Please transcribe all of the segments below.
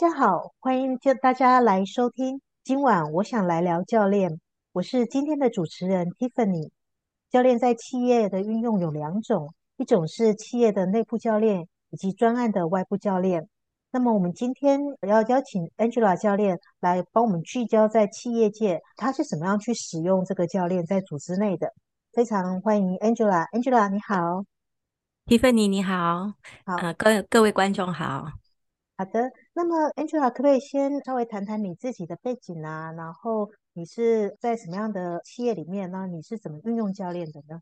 大家好，歡迎大家來收聽。今晚我想來聊教練，我是今天的主持人 Tiffany。教練在企業的運用有兩種，一種是企業的內部教練，以及專案的外部教練。那麼我們今天要邀請 Angela 教練來幫我們聚焦在企業界，她是怎麼樣去使用這個教練在組織內的？非常歡迎 Angela，Angela 你好，Tiffany 你好，好啊，各位各位觀眾好，好的。那麼，Angela 可不可以先稍微談談你自己的背景啊？然後你是在什麼樣的企業裡面呢，啊？你是怎麼運用教練的呢？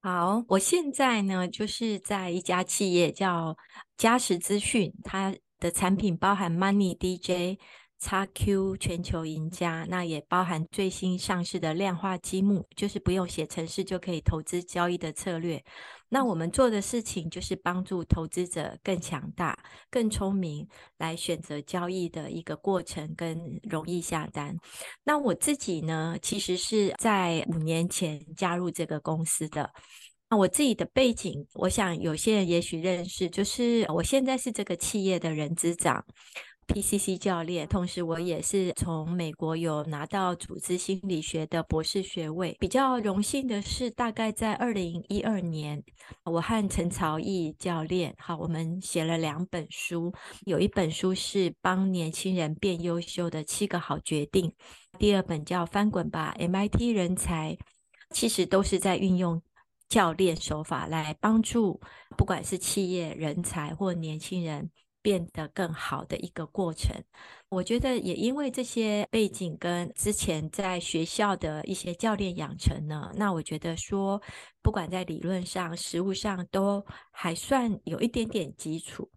好，我現在呢就是在一家企業叫嘉實資訊，它的產品包含 Money DJ。XQ 全球贏家，那也包含最新上市的量化積木，就是不用寫程式就可以投資交易的策略。那我們做的事情就是幫助投資者更強大、更聰明，來選擇交易的一個過程跟容易下單。那我自己呢，其實是在五年前加入這個公司的。那我自己的背景，我想有些人也許認識，就是我現在是這個企業的人資長。PCC 教練，同時我也是從美國有拿到組織心理學的博士學位。比較榮幸的是，大概在二零一二年，我和陳朝益教練，好，我們寫了兩本書，有一本書是幫年輕人變優秀的七個好決定，第二本叫翻滾吧 MIT 人才，其實都是在運用教練手法來幫助，不管是企業人才或年輕人，變得更好的一個過程，我覺得也因為這些背景跟之前在學校的一些教練養成呢，那我覺得說，不管在理論上、實務上都還算有一點點基礎。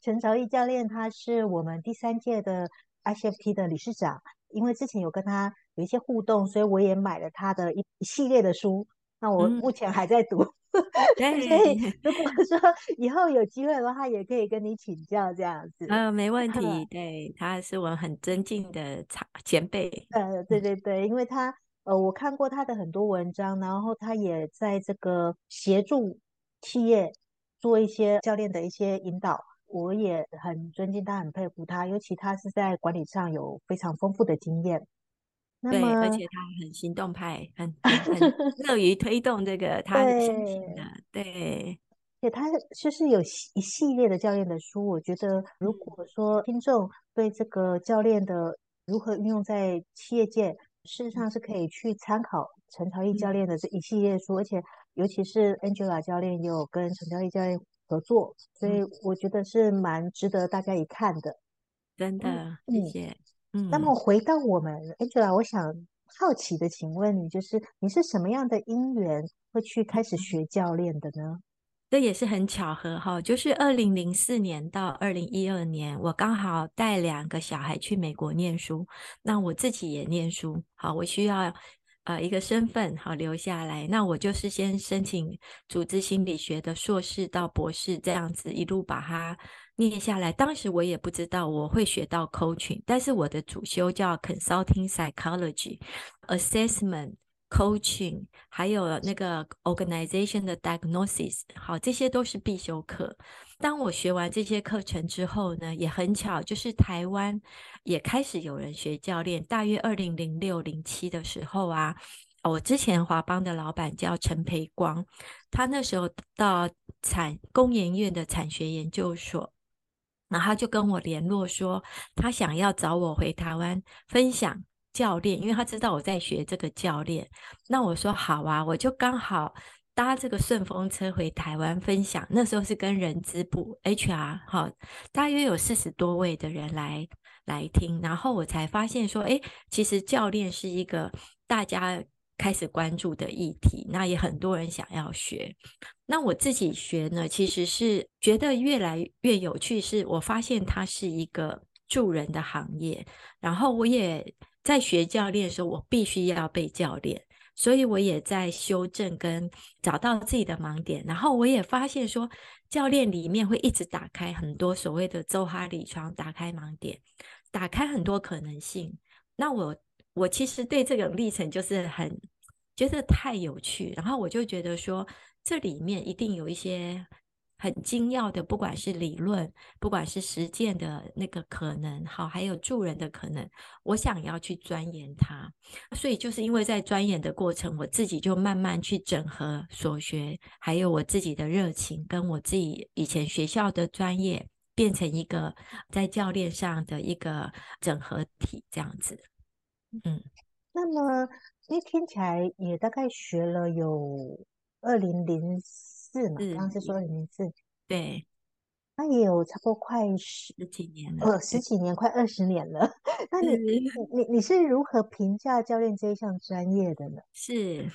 陳朝義教練他是我們第三屆的 ICF 的理事長，因為之前有跟他有一些互動，所以我也買了他的一系列的書。那我目前還在讀，嗯、對 所以如果說以後有機會的話，也可以跟你請教這樣子。嗯、呃，沒問題。嗯、對，他是我很尊敬的前輩。呃，對對對，因為他呃，我看過他的很多文章，然後他也在這個協助企業做一些教練的一些引導。我也很尊敬他，很佩服他，尤其他是在管理上有非常豐富的經驗。對，麼而且他很行動派，很很樂於推動這個他的事情、啊。的。 對，對而且他就是有一系列的教練的書，我覺得如果說聽眾對這個教練的如何運用在企業界，事實上是可以去參考陳朝義教練的這一系列書，嗯、而且尤其是 Angela 教練也有跟陳朝義教練合作，所以我覺得是蠻值得大家一看的。真的，嗯、謝謝。 那麼回到我們 Angela，我想好奇的請問你，就是你是什麼樣的因緣會去開始學教練的呢？嗯、這也是很巧合哈、哦，就是二零零四年到二零一二年，我剛好帶兩個小孩去美國念書，那我自己也念書，好，我需要。啊、呃，一個身份好留下來，那我就是先申請組織心理學的碩士到博士，這樣子一路把它念下來。當時我也不知道我會學到 coaching，但是我的主修叫 consulting psychology, assessment, coaching，還有那個 organization 的 diagnosis，好，這些都是必修課。當我學完這些課程之後呢，也很巧，就是台灣也開始有人學教練。大約二零零六、零七的時候啊，我之前華邦的老闆叫陳培光，他那時候到產工研院的產學研究所，然後他就跟我聯絡說，他想要找我回台灣分享教練，因為他知道我在學這個教練。那我說好啊，我就剛好。搭這個順風車回台灣分享，那時候是跟人資部 HR，哈，大約有四十多位的人來來聽，然後我才發現說，誒，其實教練是一個大家開始關注的議題，那也很多人想要學。那我自己學呢，其實是覺得越來越有趣，是我發現它是一個助人的行業，然後我也在學教練的時候，我必須要被教練。所以我也在修正跟找到自己的盲點，然後我也發現說，教練裡面會一直打開很多所謂的周哈里窗，打開盲點，打開很多可能性。那我我其實對這個歷程就是很，覺得太有趣，然後我就覺得說，這裡面一定有一些。很精要的，不管是理論，不管是實踐的那個可能，好，還有助人的可能，我想要去鑽研它。所以就是因為在鑽研的過程，我自己就慢慢去整合所學，還有我自己的熱情，跟我自己以前學校的專業，變成一個在教練上的一個整合體這樣子。嗯，那麼因天聽起來也大概學了有二零零。是，嘛，當時說的名字，對，那也有差不多快十幾年了，呃，十幾年，快二十年了。 那你是你你是如何評價教練這一項專業的呢？是，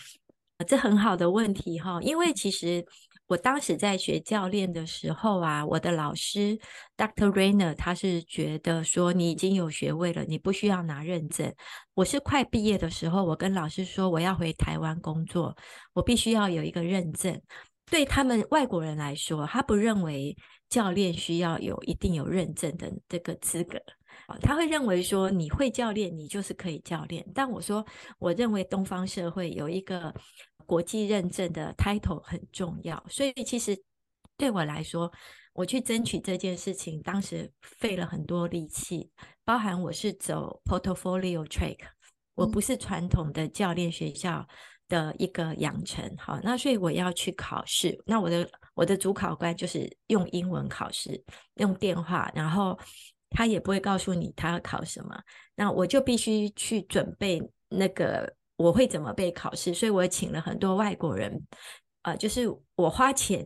這很好的問題哈、哦，因為其實我當時在學教練的時候啊，我的老師 Dr. Rayner 他是覺得說你已經有學位了，你不需要拿認證。我是快畢業的時候，我跟老師說我要回台灣工作，我必須要有一個認證。對他們外國人來說，他不認為教練需要有一定有認證的這個資格。他會認為說你會教練，你就是可以教練。但我說，我認為東方社會有一個國際認證的 title 很重要，所以其實對我來說，我去爭取這件事情，當時費了很多力氣，包含我是走 portfolio track，我不是傳統的教練學校。嗯的一個養成，好，那所以我要去考試，那我的我的主考官就是用英文考試，用電話，然後他也不會告訴你他要考什麼，那我就必須去準備那個我會怎麼被考試，所以我請了很多外國人，啊、呃，就是我花錢。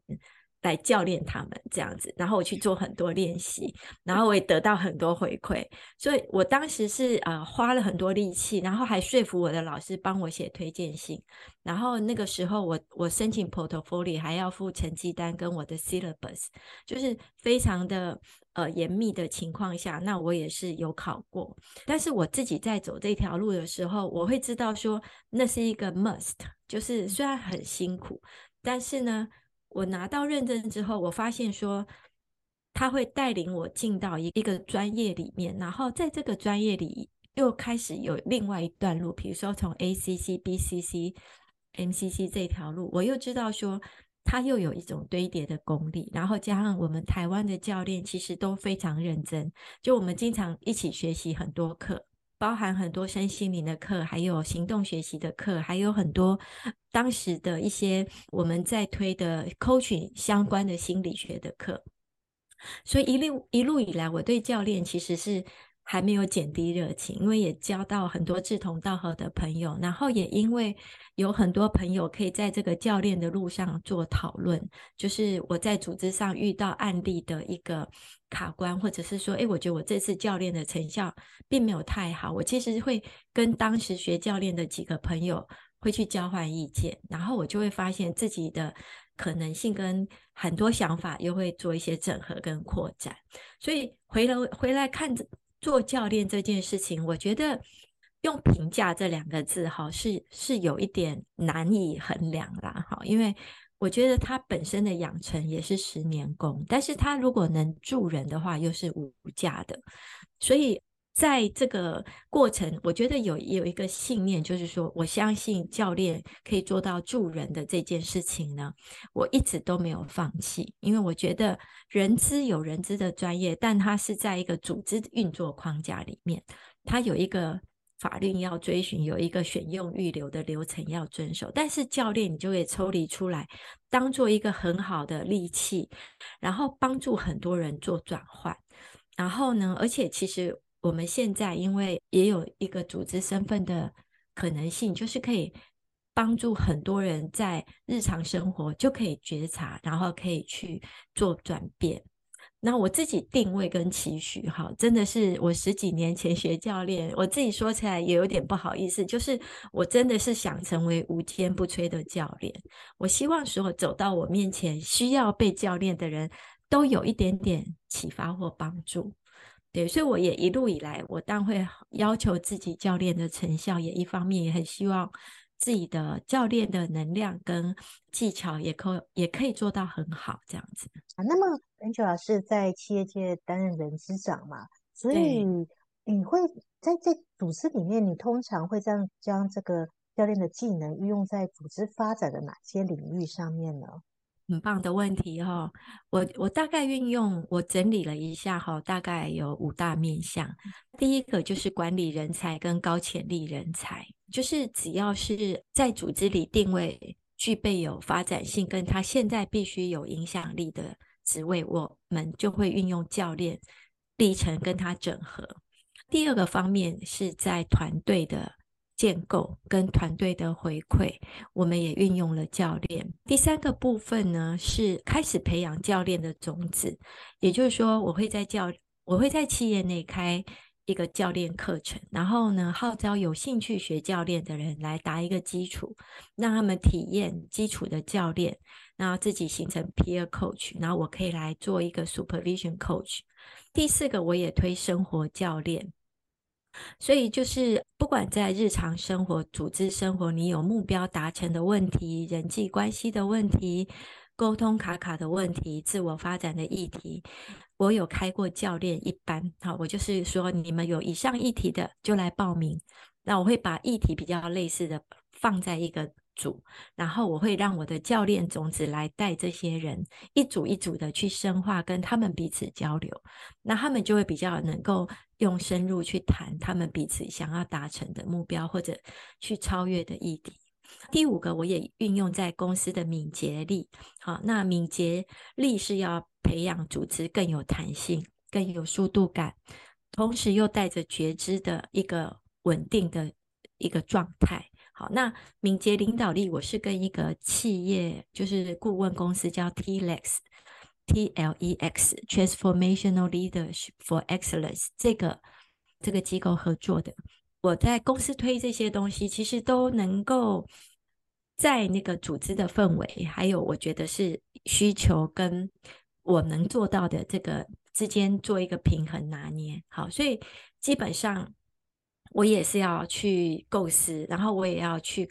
來教練他們這樣子，然後我去做很多練習，然後我也得到很多回饋，所以我當時是啊、呃、花了很多力氣，然後還說服我的老師幫我寫推薦信，然後那個時候我我申請 portfolio 還要付成績單跟我的 syllabus，就是非常的呃嚴密的情況下，那我也是有考過，但是我自己在走這條路的時候，我會知道說那是一個 must，就是雖然很辛苦，但是呢。我拿到認證之後，我發現說他會帶領我進到一一個專業裡面，然後在這個專業裡又開始有另外一段路，比如說從 ACC PCC MCC 這條路，我又知道說它又有一種堆疊的功力，然後加上我們台灣的教練其實都非常認真，就我們經常一起學習很多課，包含很多身心靈的課，還有行動學習的課，還有很多當時的一些我們在推的 coaching 相關的心理學的課，所以一路一路以來，我對教練其實是還沒有減低熱情，因為也交到很多志同道合的朋友，然後也因為有很多朋友可以在這個教練的路上做討論，就是我在組織上遇到案例的一個卡關，或者是說，誒，我覺得我這次教練的成效並沒有太好，我其實會跟當時學教練的幾個朋友會去交換意見，然後我就會發現自己的可能性跟很多想法又會做一些整合跟擴展，所以回頭回來看做教練這件事情，我覺得用“評價”這兩個字，哈，是是有一點難以衡量的，哈，因為我覺得他本身的養成也是十年功，但是他如果能助人的話，又是無價的，所以。在這個過程，我覺得有有一個信念，就是說，我相信教練可以做到助人的這件事情呢，我一直都沒有放棄，因為我覺得人資有人資的專業，但它是在一個組織運作框架裡面，它有一個法律要遵循，有一個選用育留的流程要遵守。但是教練，你就可以抽離出來，當做一個很好的利器，然後幫助很多人做轉換。然後呢，而且其實。我們現在因為也有一個組織身份的可能性，就是可以幫助很多人在日常生活就可以覺察，然後可以去做轉變。那我自己定位跟期許，哈，真的是我十幾年前學教練，我自己說起來也有點不好意思，就是我真的是想成為無堅不摧的教練。我希望所有走到我面前需要被教練的人都有一點點啟發或幫助。所以我也一路以來，我當然會要求自己教練的成效，也一方面也很希望自己的教練的能量跟技巧，也可也可以做到很好這樣子啊。那麼 Angela 老師在企業界擔任人資長嘛，所以你會在這組織裡面，你通常會這樣將這個教練的技能運用在組織發展的哪些領域上面呢？很棒的問題哈、哦，我我大概運用我整理了一下哈、哦，大概有五大面向。第一個就是管理人才跟高潛力人才，就是只要是在組織裡定位具備有發展性，跟他現在必須有影響力的職位，我們就會運用教練歷程跟他整合。第二個方面是在團隊的。建構跟團隊的回饋，我們也運用了教練。第三個部分呢，是開始培養教練的種子，也就是說我會在教，我會在企業內開一個教練課程，然後呢號召有興趣學教練的人來打一個基礎，讓他們體驗基礎的教練，然後自己形成 peer coach，然後我可以來做一個 supervision coach。第四個我也推生活教練。所以就是，不管在日常生活、組織生活，你有目標達成的問題、人際關係的問題、溝通卡卡的問題、自我發展的議題，我有開過教練一班，好，我就是說，你們有以上議題的就來報名，那我會把議題比較類似的放在一個組，然後我會讓我的教練種子來帶這些人，一組一組的去深化跟他們彼此交流，那他們就會比較能夠用深入去談他們彼此想要達成的目標或者去超越的議題。第五個，我也運用在公司的敏捷力，好，那敏捷力是要培養組織更有彈性、更有速度感，同時又帶着覺知的一個穩定的一個狀態。好，那敏捷領導力，我是跟一個企業，就是顧問公司叫 TLEX，T-L-E-X, Transformational Leadership for Excellence，這個這個機構合作的。我在公司推這些東西，其實都能夠在那個組織的氛圍，還有我覺得是需求跟我能做到的這個之間做一個平衡拿捏。好，所以基本上。我也是要去構思，然後我也要去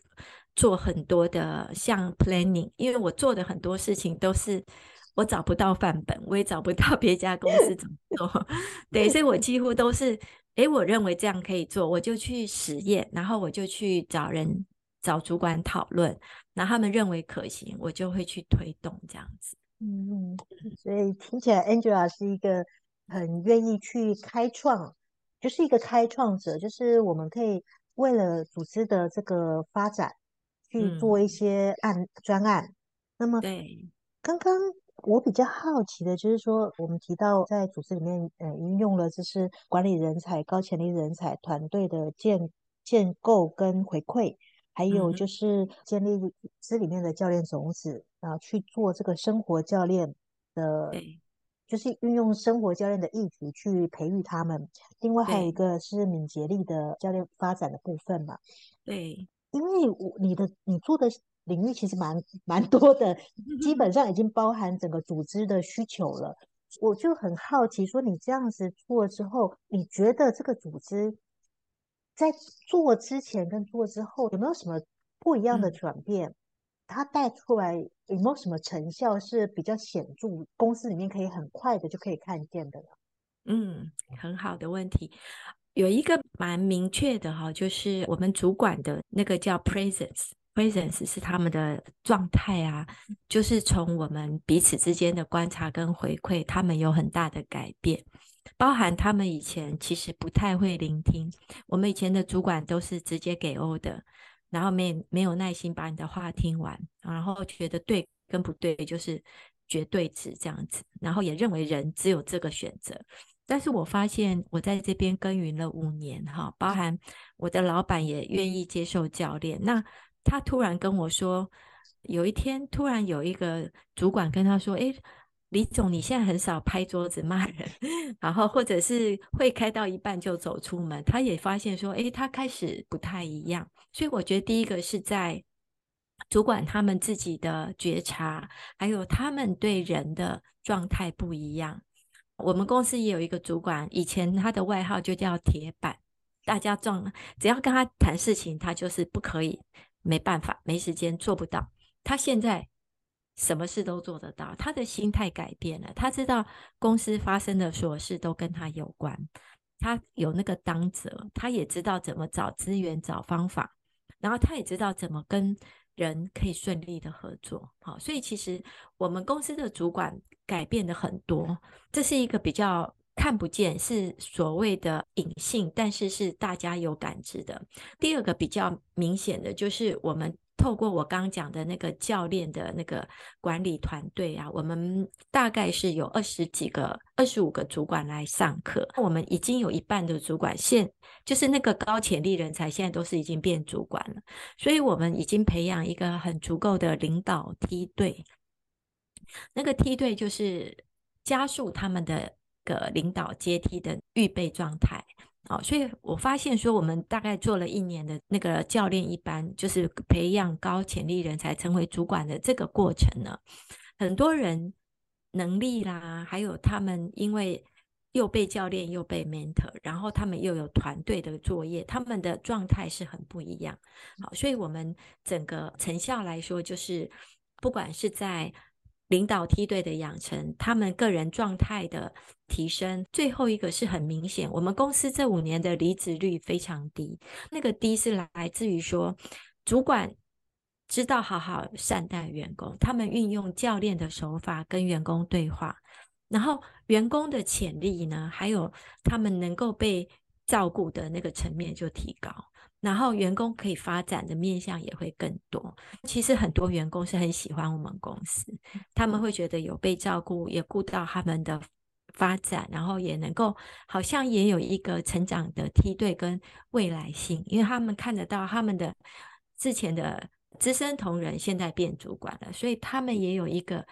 做很多的像 planning，因為我做的很多事情都是我找不到範本，我也找不到別家公司怎麼做， 對，所以我幾乎都是，誒，我認為這樣可以做，我就去實驗，然後我就去找人找主管討論，然後他們認為可行，我就會去推動這樣子。嗯，所以聽起來 Angela 是一個很願意去開創。就是一個開創者，就是我們可以為了組織的這個發展去做一些案、嗯、專案。那麼，對剛剛我比較好奇的就是說，對我們提到在組織裡面，嗯，應用了就是管理人才、高潛力人才團隊的建建構跟回饋，還有就是建立組織裡面的教練種子、嗯、哼然後去做這個生活教練的。就是運用生活教練的意圖去培育他們，另外還有一個是敏捷力的教練發展的部分嘛。對，因為我你的你做的領域其實蠻蠻多的，基本上已經包含整個組織的需求了。我就很好奇，說你這樣子做之後，你覺得這個組織在做之前跟做之後有沒有什麼不一樣的轉變？它帶出來。有沒有什麼成效是比較顯著？公司裡面可以很快的就可以看見的了。嗯，很好的問題。有一個蠻明確的哈、哦，就是我們主管的那個叫 presence，presence pres 是他們的狀態啊。就是從我們彼此之間的觀察跟回饋，他們有很大的改變，包含他們以前其實不太會聆聽。我們以前的主管都是直接給 order 的。然後沒沒有耐心把你的話聽完，然後覺得對跟不對就是絕對值這樣子，然後也認為人只有這個選擇。但是我發現我在這邊耕耘了五年哈，包含我的老闆也願意接受教練。那他突然跟我說，有一天突然有一個主管跟他說：“哎。”李總，你現在很少拍桌子罵人，然後或者是會開到一半就走出門。他也發現說，哎，他開始不太一樣。所以我覺得第一個是在主管他們自己的覺察，還有他們對人的狀態不一樣。我們公司也有一個主管，以前他的外號就叫鐵板，大家撞了，只要跟他談事情，他就是不可以，沒辦法，沒時間，做不到。他現在。什麼事都做得到，他的心態改變了，他知道公司發生的瑣事都跟他有關，他有那個當責，他也知道怎麼找資源、找方法，然後他也知道怎麼跟人可以順利的合作。好，所以其實我們公司的主管改變的很多，這是一個比較看不見，是所謂的隱性，但是是大家有感知的。第二個比較明顯的就是我們，透過我剛講的那個教練的那個管理團隊啊，我們大概是有二十幾個、二十五個主管來上課。我們已經有一半的主管現就是那個高潛力人才，現在都是已經變主管了。所以，我們已經培養一個很足夠的領導梯隊。那個梯隊就是加速他們的個領導階梯的預備狀態。好，所以我發現說，我們大概做了一年的那個教練一般就是培養高潛力人才成為主管的這個過程呢，很多人能力啦，還有他們因為又被教練又被 mentor，然後他們又有團隊的作業，他們的狀態是很不一樣。好，所以我們整個成效來說，就是不管是在領導梯隊的養成，他們個人狀態的提升，最後一個是很明顯。我們公司這五年的離職率非常低，那個低是來自於說，主管知道好好善待員工，他們運用教練的手法跟員工對話，然後員工的潛力呢，還有他們能夠被照顧的那個層面就提高。然後員工可以發展的面向也會更多。其實很多員工是很喜歡我們公司，他們會覺得有被照顧，也顧到他們的發展，然後也能夠好像也有一個成長的梯隊跟未來性，因為他們看得到他們的之前的資深同仁現在變主管了，所以他們也有一個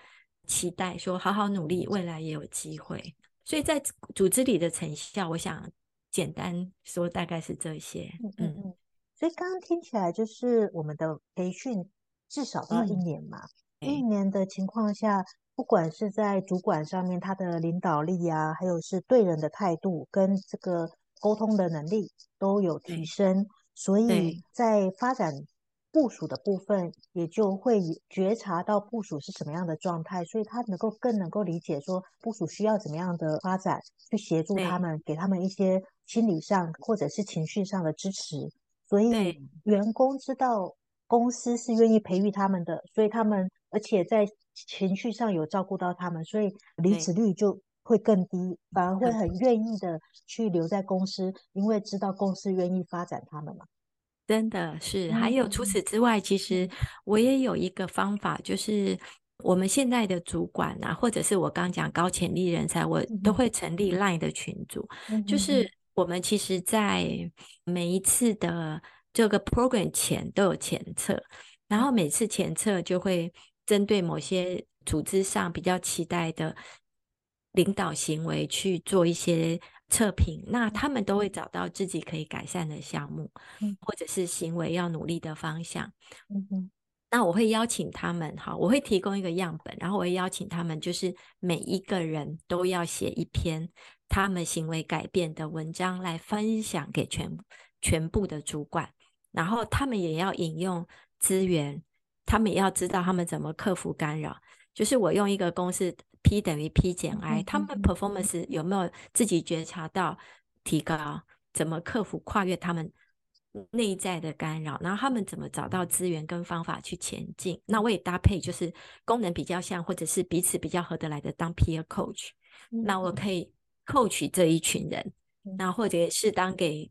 期待，說好好努力，未來也有機會。所以在組織裡的成效，我想簡單說大概是這些。嗯嗯。嗯所以剛剛聽起來就是我們的培訓至少到一年嘛？一年的情況下，不管是在主管上面，他的領導力啊，還有是對人的態度跟這個溝通的能力都有提升，所以在發展部屬的部分，也就會覺察到部屬是什麼樣的狀態，所以他能夠更能夠理解說部屬需要怎麼樣的發展，去協助他們，給他們一些心理上或者是情緒上的支持。所以員工知道公司是願意培育他們的，對所以他們而且在情緒上有照顧到他們，所以離職率就會更低，對反而會很願意的去留在公司，對因為知道公司願意發展他們嘛。真的是，還有除此之外，嗯、其實我也有一個方法，就是我們現在的主管啊，或者是我剛講高潛力人才，我都會成立 Line 的群組，嗯嗯嗯就是。我們其實，在每一次的這個 program 前都有前測，然後每次前測就會針對某些組織上比較期待的領導行為去做一些測評，嗯、那他們都會找到自己可以改善的項目，嗯、或者是行為要努力的方向。嗯哼，那我會邀請他們，哈，我會提供一個樣本，然後我會邀請他們，就是每一個人都要寫一篇。他們行為改變的文章來分享給全全部的主管，然後他們也要引用資源，他們也要知道他們怎麼克服干擾。就是我用一個公式 P 等於 P 減 I，、嗯、他們 performance、嗯、有沒有自己覺察到提高？怎麼克服跨越他們內在的干擾？然後他們怎麼找到資源跟方法去前進？那我也搭配就是功能比較像或者是彼此比較合得來的當 peer coach，、嗯、那我可以。扣取這一群人，那或者適當給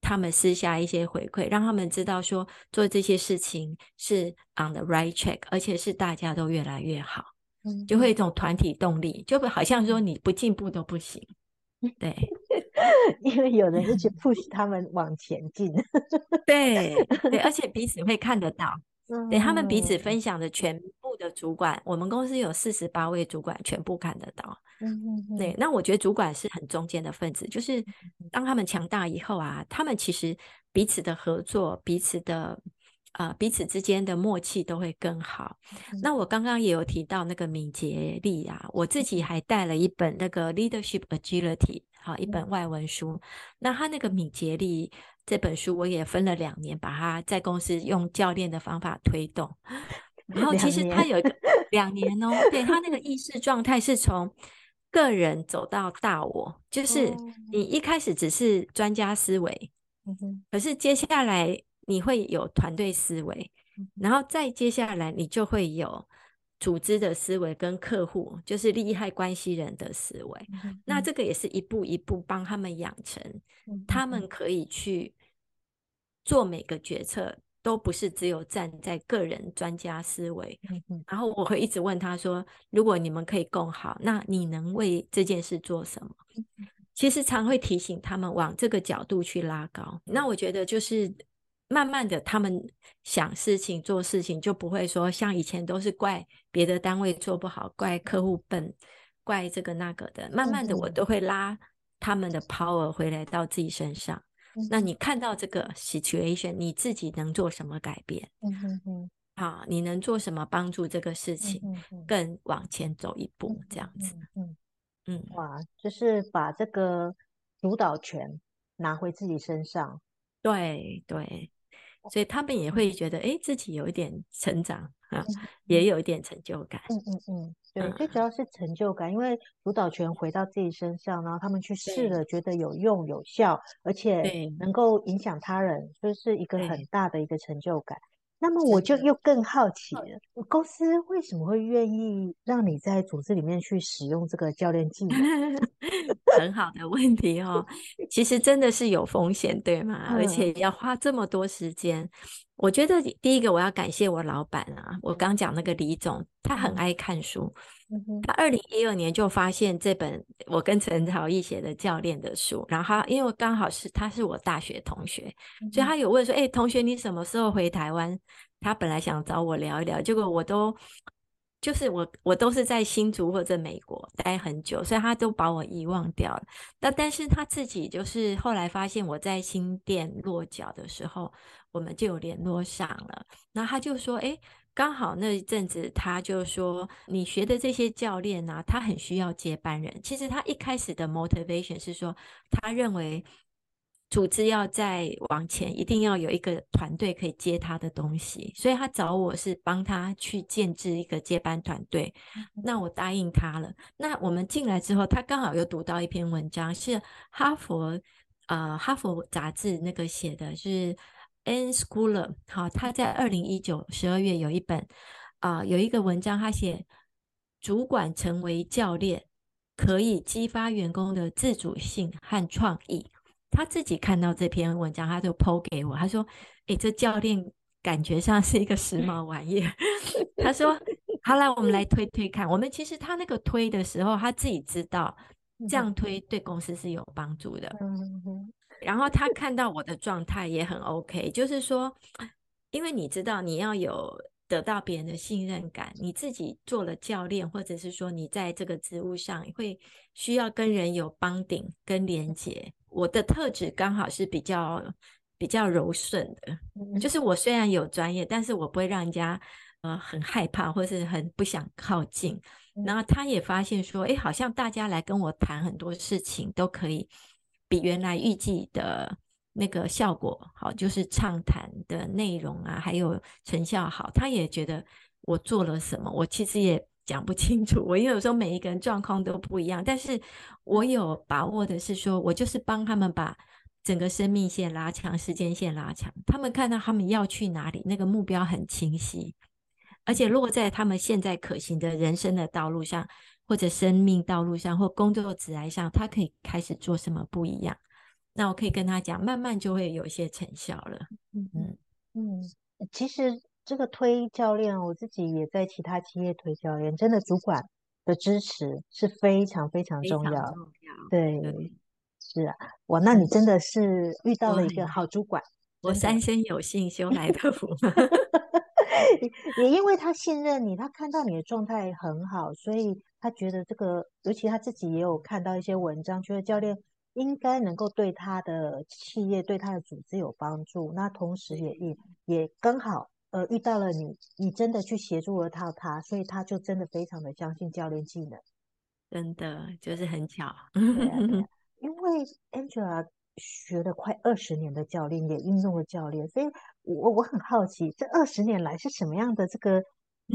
他們私下一些回饋，讓他們知道說做這些事情是 on the right track，而且是大家都越來越好，就會一種團體動力，就會好像說你不進步都不行，對， 因為有人一直 push 他們往前進 對，而且彼此會看得到。對、嗯、他們彼此分享的全部的主管，我們公司有四十八位主管，全部看得到。嗯、哼哼，對，那我覺得主管是很中間的分子，就是當他們強大以後啊，他們其實彼此的合作，彼此的。呃、彼此之間的默契都會更好。嗯、那我剛剛也有提到那個敏捷力啊，我自己還帶了一本那個 Leadership Agility 好、啊、一本外文書。嗯、那他那個敏捷力這本書，我也分了兩年，把它在公司用教練的方法推動。嗯、然後其實他有一個兩年，兩年哦， 對，他那個意識狀態是從個人走到大我，就是你一開始只是專家思維，嗯嗯、可是接下來。你會有團隊思維，然後再接下來你就會有組織的思維跟客戶，就是利害關係人的思維。嗯嗯、那這個也是一步一步幫他們養成，他們可以去做每個決策，都不是只有站在個人專家思維。嗯嗯、然後我會一直問他說：“如果你們可以更好，那你能為這件事做什麼？”嗯嗯、其實常會提醒他們往這個角度去拉高。那我覺得就是。慢慢的，他們想事情、做事情就不會說像以前都是怪別的單位做不好，怪客戶笨，怪這個那個的。慢慢的，我都會拉他們的 power 回來到自己身上。嗯哼。那你看到這個 situation，你自己能做什麼改變？嗯哼哼。好、啊，你能做什麼幫助這個事情、嗯哼。更往前走一步？這樣子。嗯嗯，嗯。哇，就是把這個主導權拿回自己身上。對對。對所以他們也會覺得，哎、欸，自己有一點成長啊，也有一點成就感。嗯嗯嗯，對，最主要是成就感，嗯、因為主導權回到自己身上，然後他們去試了，覺得有用、有效，對而且能夠影響他人，就是一個很大的一個成就感。那麼我就又更好奇了，我公司為什麼會願意讓你在組織裡面去使用這個教練技能？ 很好的問題哦， 其實真的是有風險，對嗎？嗯、而且要花這麼多時間，我覺得第一個我要感謝我老板啊，我剛講那個李總。他很愛看書，他二零一二年就發現這本我跟陳朝義寫的教練的書，然後他因為我剛好是他是我大學同學，所以他有問說：“哎、欸，同學，你什麼時候回台灣？”他本來想找我聊一聊，結果我都就是我我都是在新竹或者美國待很久，所以他都把我遺忘掉了。但但是他自己就是後來發現我在新店落腳的時候，我們就有聯絡上了，然後他就說：“哎、欸。”剛好那一陣子，他就說：“你學的這些教練啊，他很需要接班人。其實他一開始的 motivation 是說，他認為組織要再往前，一定要有一個團隊可以接他的東西。所以他找我是幫他去建置一個接班團隊。那我答應他了。那我們進來之後，他剛好又讀到一篇文章，是哈佛呃哈佛雜誌那個寫的，就是。” N Schooler 好、哦，他在二零一九十二月有一本啊、呃，有一個文章，他寫主管成為教練可以激發員工的自主性和創意。他自己看到這篇文章，他就剖給我，他說：“哎，這教練感覺上是一個時髦玩意。” 他說：“好，來，我們來推推看。我們其實他那個推的時候，他自己知道這樣推對公司是有幫助的。”嗯嗯嗯嗯。然後他看到我的狀態也很 OK，就是說，因為你知道你要有得到別人的信任感，你自己做了教練，或者是說你在這個職務上會需要跟人有 bonding 跟連接。我的特質剛好是比較比較柔順的，就是我雖然有專業，但是我不會讓人家呃很害怕或是很不想靠近。嗯、然後他也發現說，哎，好像大家來跟我談很多事情都可以。比原來預計的那個效果好，就是暢談的內容啊，還有成效好，他也覺得我做了什麼。我其實也講不清楚，我因為有時候每一個人狀況都不一樣。但是我有把握的是說，說我就是幫他們把整個生命線拉長，時間線拉長，他們看到他們要去哪裡，那個目標很清晰，而且落在他們現在可行的人生的道路上。或者生命道路上，或工作職業上，他可以開始做什麼不一樣？那我可以跟他講，慢慢就會有一些成效了。嗯嗯，其實這個推教練，我自己也在其他企業推教練，真的主管的支持是非常非常重要。重要對，對是啊，我那你真的是遇到了一個好主管，對的我三生有幸修來的福。 也因為他信任你，他看到你的狀態很好，所以他覺得這個，尤其他自己也有看到一些文章，覺得教練應該能夠對他的企業、對他的組織有幫助。那同時也也也剛好，呃，遇到了你，你真的去協助了他，他所以他就真的非常的相信教練技能，真的就是很巧， 啊啊、因為 Angela、啊。學了快二十年的教練，也應用了教練，所以我我很好奇，這二十年來是什麼樣的這個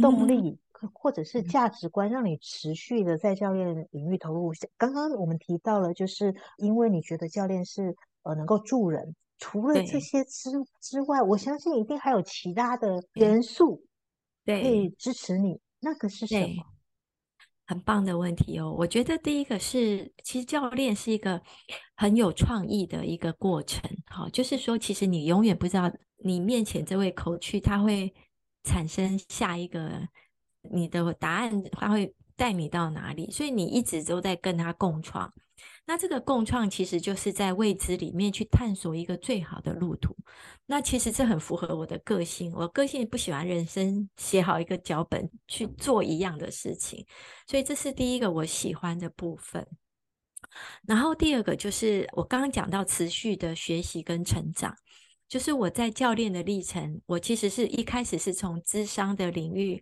動力、嗯、或者是價值觀、嗯、讓你持續的在教練領域投入？剛剛我們提到了，就是因為你覺得教練是呃能夠助人，除了這些之之外，對我相信一定還有其他的元素可以支持你，那個是什麼？很棒的問題哦，我覺得第一個是，其實教練是一個很有創意的一個過程，好、哦，就是說，其實你永遠不知道你面前這位口趣，它會產生下一個你的答案，它會。帶你到哪裡，所以你一直都在跟他共創。那這個共創其實就是在未知裡面去探索一個最好的路途。那其實這很符合我的個性，我個性不喜歡人生寫好一個腳本去做一樣的事情，所以這是第一個我喜歡的部分。然後第二個就是我剛剛講到持續的學習跟成長，就是我在教練的歷程，我其實是一開始是從諮商的領域。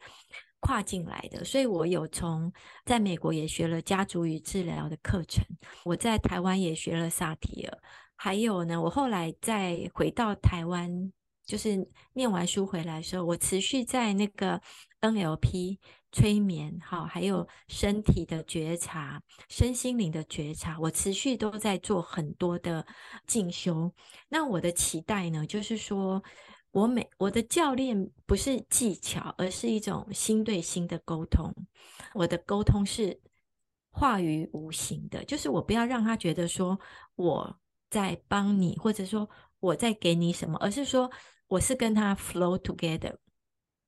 跨進來的，所以我有從在美國也學了家族與治療的課程，我在台灣也學了薩提爾，還有呢，我後來再回到台灣，就是念完書回來的時候，我持續在那個 NLP 催眠，好，還有身體的覺察、身心靈的覺察，我持續都在做很多的進修。那我的期待呢，就是說，我每我的教練不是技巧，而是一種心對心的溝通。我的溝通是化於無形的，就是我不要讓他覺得說我在幫你，或者說我在給你什麼，而是說我是跟他 flow together。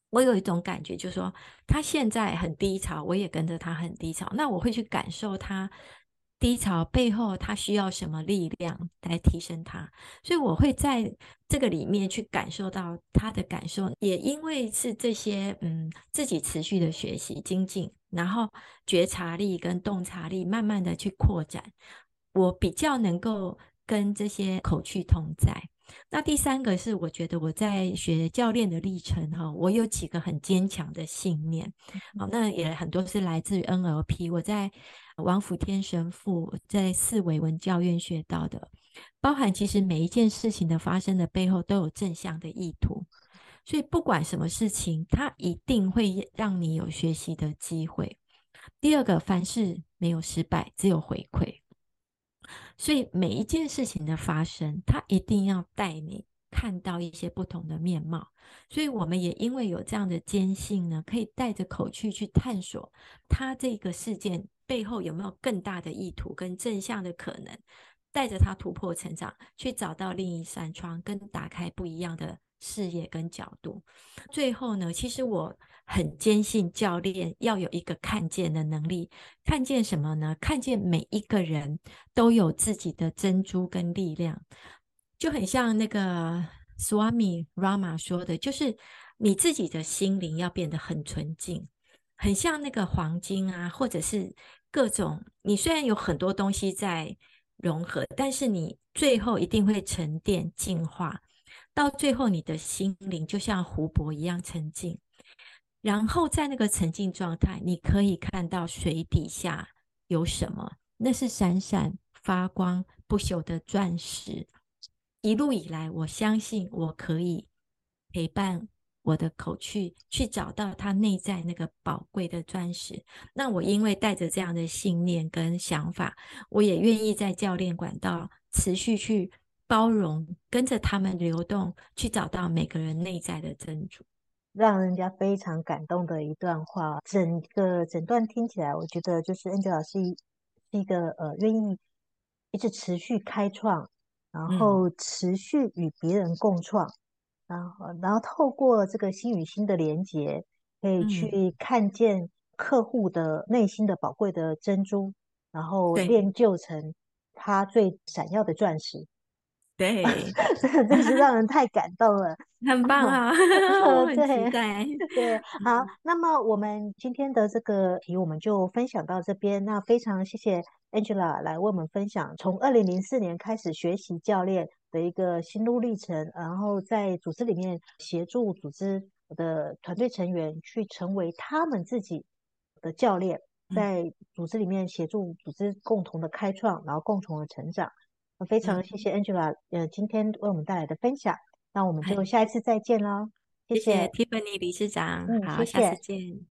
我有一種感覺，就是說他現在很低潮，我也跟着他很低潮。那我會去感受他。低潮背後，他需要什麼力量來提升他？所以我會在這個裡面去感受到他的感受，也因為是這些嗯，自己持續的學習精進，然後覺察力跟洞察力慢慢的去擴展，我比較能夠跟這些口氣同在。那第三個是，我覺得我在學教練的歷程哈，我有幾個很堅強的信念，好，那也很多是來自於 NLP，我在。王輔天神父在四維文教院學到的，包含其實每一件事情的發生的背後都有正向的意圖，所以不管什麼事情，它一定會讓你有學習的機會。第二個，凡事沒有失敗，只有回饋，所以每一件事情的發生，它一定要帶你看到一些不同的面貌。所以我們也因為有這樣的堅信呢，可以帶着口去去探索它這個事件。背後有沒有更大的意圖跟正向的可能，帶着他突破成長，去找到另一扇窗，跟打開不一樣的視野跟角度。最後呢，其實我很堅信，教練要有一個看見的能力。看見什麼呢？看見每一個人都有自己的珍珠跟力量，就很像那個 Swami Rama 說的，就是你自己的心靈要變得很純淨，很像那個黃金啊，或者是。各種，你雖然有很多東西在融合，但是你最後一定會沉澱、淨化，到最後你的心靈就像湖泊一樣沉靜。然後在那個沉靜狀態，你可以看到水底下有什麼，那是閃閃發光、不朽的鑽石。一路以來，我相信我可以陪伴。我的口去去找到他內在那個寶貴的鑽石。那我因為帶着這樣的信念跟想法，我也願意在教練管道持續去包容，跟着他們流動，去找到每個人內在的珍珠。讓人家非常感動的一段話，整個整段聽起來，我覺得就是 Angela 老師是一個，是一個呃，願意一直持續開創，然後持續與別人共創。嗯然後，然後透過這個心與心的連結，可以去看見客戶的內心的寶貴的珍珠，然後練就成他最閃耀的鑽石。對， 真是讓人太感動了， 很棒啊！哦！ 欸、 對，對，好。嗯、那麼我們今天的這個題，我們就分享到這邊。那非常謝謝 Angela 來為我們分享，從二零零四年開始學習教練。的一個心路歷程，然後在組織裡面協助組織的團隊成員去成為他們自己的教練，嗯、在組織裡面協助組織共同的開創，然後共同的成長。非常謝謝 Angela，、嗯、呃，今天為我們帶來的分享。那我們就下一次再見嘍。嗯、謝謝，謝,謝 Tiffany 理事長，嗯、好，謝謝下次見。